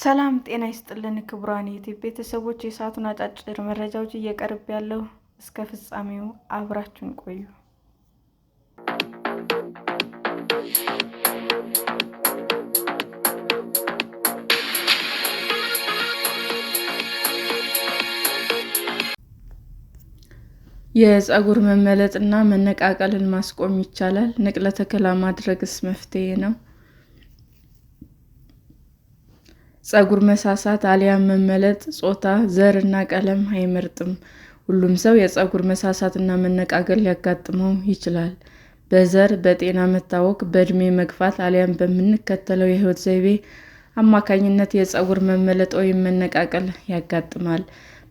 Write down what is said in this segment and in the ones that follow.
ሰላም ጤና ይስጥልን ክቡራን ዩቲ ቤተሰቦች፣ የሰዓቱን አጫጭር መረጃዎች እየቀርብ ያለው እስከ ፍጻሜው አብራችሁን ቆዩ። የፀጉር መመለጥና መነቃቀልን ማስቆም ይቻላል? ንቅለ ተከላ ማድረግስ መፍትሄ ነው? ፀጉር መሳሳት አሊያም መመለጥ ጾታ፣ ዘር እና ቀለም አይመርጥም። ሁሉም ሰው የፀጉር መሳሳትና መነቃቀል ሊያጋጥመው ይችላል። በዘር፣ በጤና መታወክ፣ በእድሜ መግፋት አሊያም በምንከተለው የህይወት ዘይቤ አማካኝነት የፀጉር መመለጥ ወይም መነቃቀል ያጋጥማል።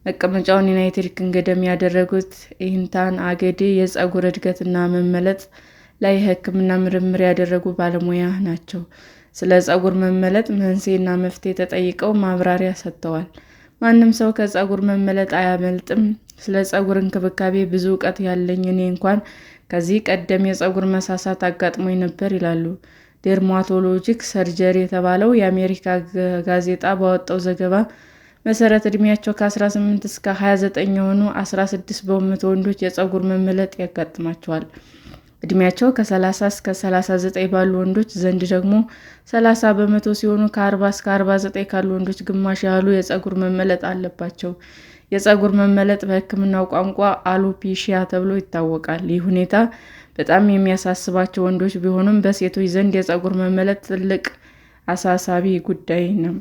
መቀመጫውን ዩናይትድ ኪንግደም ያደረጉት ኢንታን አገዴ የፀጉር እድገትና መመለጥ ላይ የሕክምና ምርምር ያደረጉ ባለሙያ ናቸው። ስለ ፀጉር መመለጥ መንስኤና መፍትሄ ተጠይቀው ማብራሪያ ሰጥተዋል። ማንም ሰው ከፀጉር መመለጥ አያመልጥም። ስለ ፀጉር እንክብካቤ ብዙ እውቀት ያለኝ እኔ እንኳን ከዚህ ቀደም የፀጉር መሳሳት አጋጥሞኝ ነበር ይላሉ። ዴርማቶሎጂክ ሰርጀሪ የተባለው የአሜሪካ ጋዜጣ ባወጣው ዘገባ መሰረት እድሜያቸው ከ18 እስከ 29 የሆኑ 16 በመቶ ወንዶች የፀጉር መመለጥ ያጋጥማቸዋል። እድሜያቸው ከ30 እስከ 39 ባሉ ወንዶች ዘንድ ደግሞ 30 በመቶ ሲሆኑ ከ40 እስከ 49 ካሉ ወንዶች ግማሽ ያህሉ የፀጉር መመለጥ አለባቸው። የፀጉር መመለጥ በሕክምናው ቋንቋ አሎፔሺያ ተብሎ ይታወቃል። ይህ ሁኔታ በጣም የሚያሳስባቸው ወንዶች ቢሆኑም በሴቶች ዘንድ የፀጉር መመለጥ ትልቅ አሳሳቢ ጉዳይ ነው።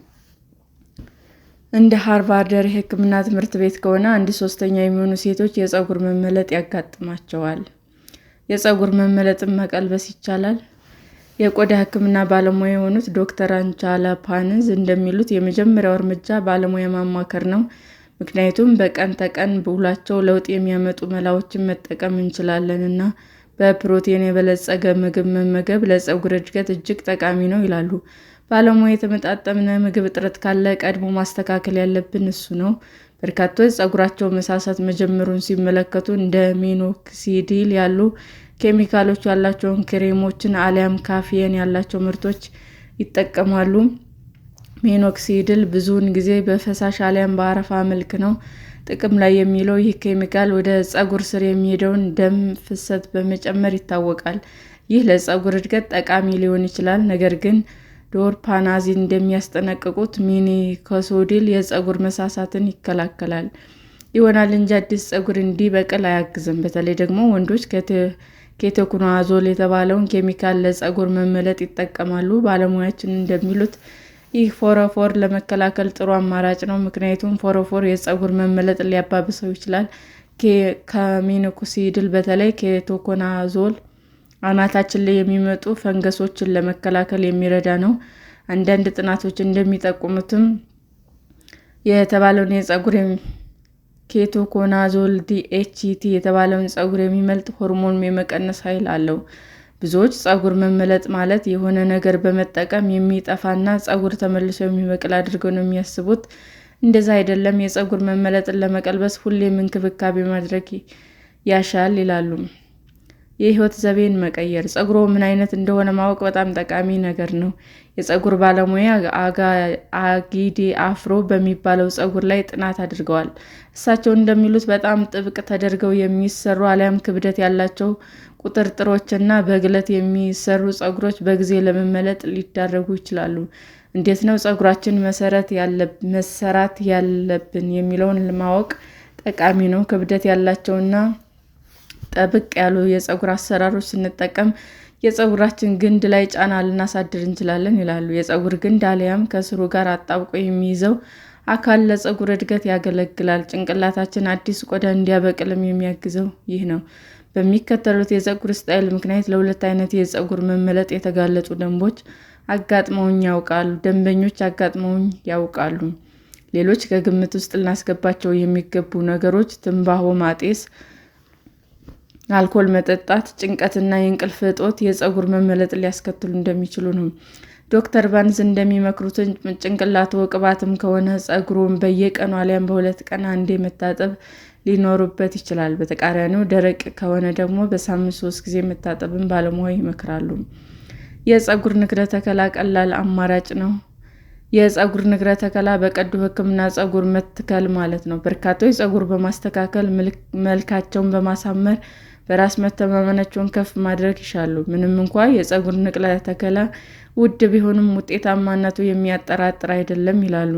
እንደ ሃርቫርድ የህክምና ትምህርት ቤት ከሆነ አንድ ሶስተኛ የሚሆኑ ሴቶች የፀጉር መመለጥ ያጋጥማቸዋል። የፀጉር መመለጥን መቀልበስ ይቻላል? የቆዳ ህክምና ባለሙያ የሆኑት ዶክተር አንቻላ ፓንዝ እንደሚሉት የመጀመሪያው እርምጃ ባለሙያ ማማከር ነው። ምክንያቱም በቀን ተቀን ብውላቸው ለውጥ የሚያመጡ መላዎችን መጠቀም እንችላለን እና በፕሮቲን የበለፀገ ምግብ መመገብ ለፀጉር እድገት እጅግ ጠቃሚ ነው ይላሉ። ባለሙያ የተመጣጠነ ምግብ እጥረት ካለ ቀድሞ ማስተካከል ያለብን እሱ ነው። በርካቶች ፀጉራቸው መሳሳት መጀመሩን ሲመለከቱ እንደ ሚኖክሲዲል ያሉ ኬሚካሎች ያላቸውን ክሬሞችን አሊያም ካፊን ያላቸው ምርቶች ይጠቀማሉ። ሚኖክሲዲል ብዙውን ጊዜ በፈሳሽ አሊያም በአረፋ መልክ ነው ጥቅም ላይ የሚለው። ይህ ኬሚካል ወደ ፀጉር ስር የሚሄደውን ደም ፍሰት በመጨመር ይታወቃል። ይህ ለፀጉር እድገት ጠቃሚ ሊሆን ይችላል፣ ነገር ግን ዶርፓናዚ እንደሚያስጠነቅቁት ሚኒኮሶዲል የፀጉር መሳሳትን ይከላከላል ይሆናል እንጂ አዲስ ፀጉር እንዲበቅል አያግዝም። በተለይ ደግሞ ወንዶች ኬቶኮናዞል የተባለውን ኬሚካል ለፀጉር መመለጥ ይጠቀማሉ። ባለሙያችን እንደሚሉት ይህ ፎረፎር ለመከላከል ጥሩ አማራጭ ነው። ምክንያቱም ፎረፎር የፀጉር መመለጥ ሊያባብሰው ይችላል። ከሚኒኮሲዲል በተለይ ኬቶኮናዞል አናታችን ላይ የሚመጡ ፈንገሶችን ለመከላከል የሚረዳ ነው። አንዳንድ ጥናቶች እንደሚጠቁሙትም የተባለውን የጸጉር ኬቶኮናዞል ዲኤችቲ የተባለውን ፀጉር የሚመልጥ ሆርሞን የመቀነስ ኃይል አለው። ብዙዎች ፀጉር መመለጥ ማለት የሆነ ነገር በመጠቀም የሚጠፋና ፀጉር ተመልሶ የሚበቅል አድርገው ነው የሚያስቡት። እንደዛ አይደለም። የፀጉር መመለጥን ለመቀልበስ ሁሌም እንክብካቤ ማድረግ ያሻል ይላሉ። የህይወት ዘይቤን መቀየር ጸጉሮ ምን አይነት እንደሆነ ማወቅ በጣም ጠቃሚ ነገር ነው። የፀጉር ባለሙያ አጊዴ አፍሮ በሚባለው ፀጉር ላይ ጥናት አድርገዋል። እሳቸው እንደሚሉት በጣም ጥብቅ ተደርገው የሚሰሩ አሊያም ክብደት ያላቸው ቁጥርጥሮችና በግለት የሚሰሩ ፀጉሮች በጊዜ ለመመለጥ ሊዳረጉ ይችላሉ። እንዴት ነው ፀጉራችን መሰራት ያለብን የሚለውን ማወቅ ጠቃሚ ነው። ክብደት ያላቸውና ጠብቅ ያሉ የፀጉር አሰራሮች ስንጠቀም የፀጉራችን ግንድ ላይ ጫና ልናሳድር እንችላለን ይላሉ። የፀጉር ግንድ አሊያም ከስሩ ጋር አጣብቆ የሚይዘው አካል ለፀጉር እድገት ያገለግላል። ጭንቅላታችን አዲስ ቆዳ እንዲያበቅልም የሚያግዘው ይህ ነው። በሚከተሉት የፀጉር ስታይል ምክንያት ለሁለት አይነት የፀጉር መመለጥ የተጋለጡ ደንቦች አጋጥመውኝ ያውቃሉ ደንበኞች አጋጥመውኝ ያውቃሉ። ሌሎች ከግምት ውስጥ ልናስገባቸው የሚገቡ ነገሮች ትንባሆ ማጤስ አልኮል መጠጣት፣ ጭንቀትና የእንቅልፍ እጦት የፀጉር መመለጥ ሊያስከትሉ እንደሚችሉ ነው። ዶክተር ባንስ እንደሚመክሩት ጭንቅላትዎ ቅባታም ከሆነ ፀጉርዎን በየቀኑ አሊያም በሁለት ቀን አንዴ መታጠብ ሊኖርበት ይችላል። በተቃራኒው ደረቅ ከሆነ ደግሞ በሳምንት ሶስት ጊዜ መታጠብን ባለሙያው ይመክራሉ። የፀጉር ንቅለ ተከላ ቀላል አማራጭ ነው። የፀጉር ንቅለ ተከላ በቀዶ ሕክምና ፀጉር መትከል ማለት ነው። በርካቶች ፀጉር በማስተካከል መልካቸውን በማሳመር በራስ መተማመናቸውን ከፍ ማድረግ ይሻሉ። ምንም እንኳ የፀጉር ንቅለ ተከላ ውድ ቢሆንም ውጤታማነቱ የሚያጠራጥር አይደለም ይላሉ።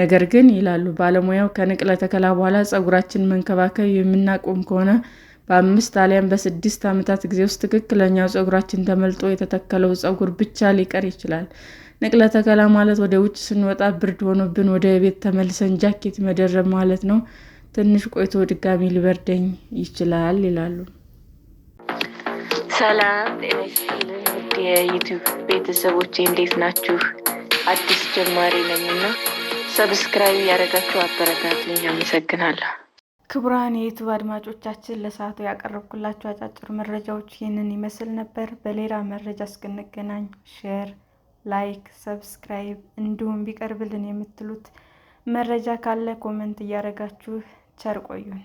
ነገር ግን ይላሉ ባለሙያው ከንቅለ ተከላ በኋላ ፀጉራችን መንከባከብ የምናቆም ከሆነ በአምስት አሊያም በስድስት ዓመታት ጊዜ ውስጥ ትክክለኛው ፀጉራችን ተመልጦ የተተከለው ፀጉር ብቻ ሊቀር ይችላል። ንቅለ ተከላ ማለት ወደ ውጭ ስንወጣ ብርድ ሆኖብን ወደ ቤት ተመልሰን ጃኬት መደረብ ማለት ነው። ትንሽ ቆይቶ ድጋሚ ሊበርደኝ ይችላል ይላሉ። ሰላም ጤና የዩቱብ ቤተሰቦች እንዴት ናችሁ? አዲስ ጀማሪ ነኝና ሰብስክራይብ ያደረጋችሁ አበረታቱኝ። አመሰግናለሁ። ክቡራን የዩቱብ አድማጮቻችን ለሰዓቱ ያቀረብኩላችሁ አጫጭር መረጃዎች ይህንን ይመስል ነበር። በሌላ መረጃ እስክንገናኝ ሼር፣ ላይክ፣ ሰብስክራይብ እንዲሁም ቢቀርብልን የምትሉት መረጃ ካለ ኮመንት እያደረጋችሁ ቸር ቆዩን።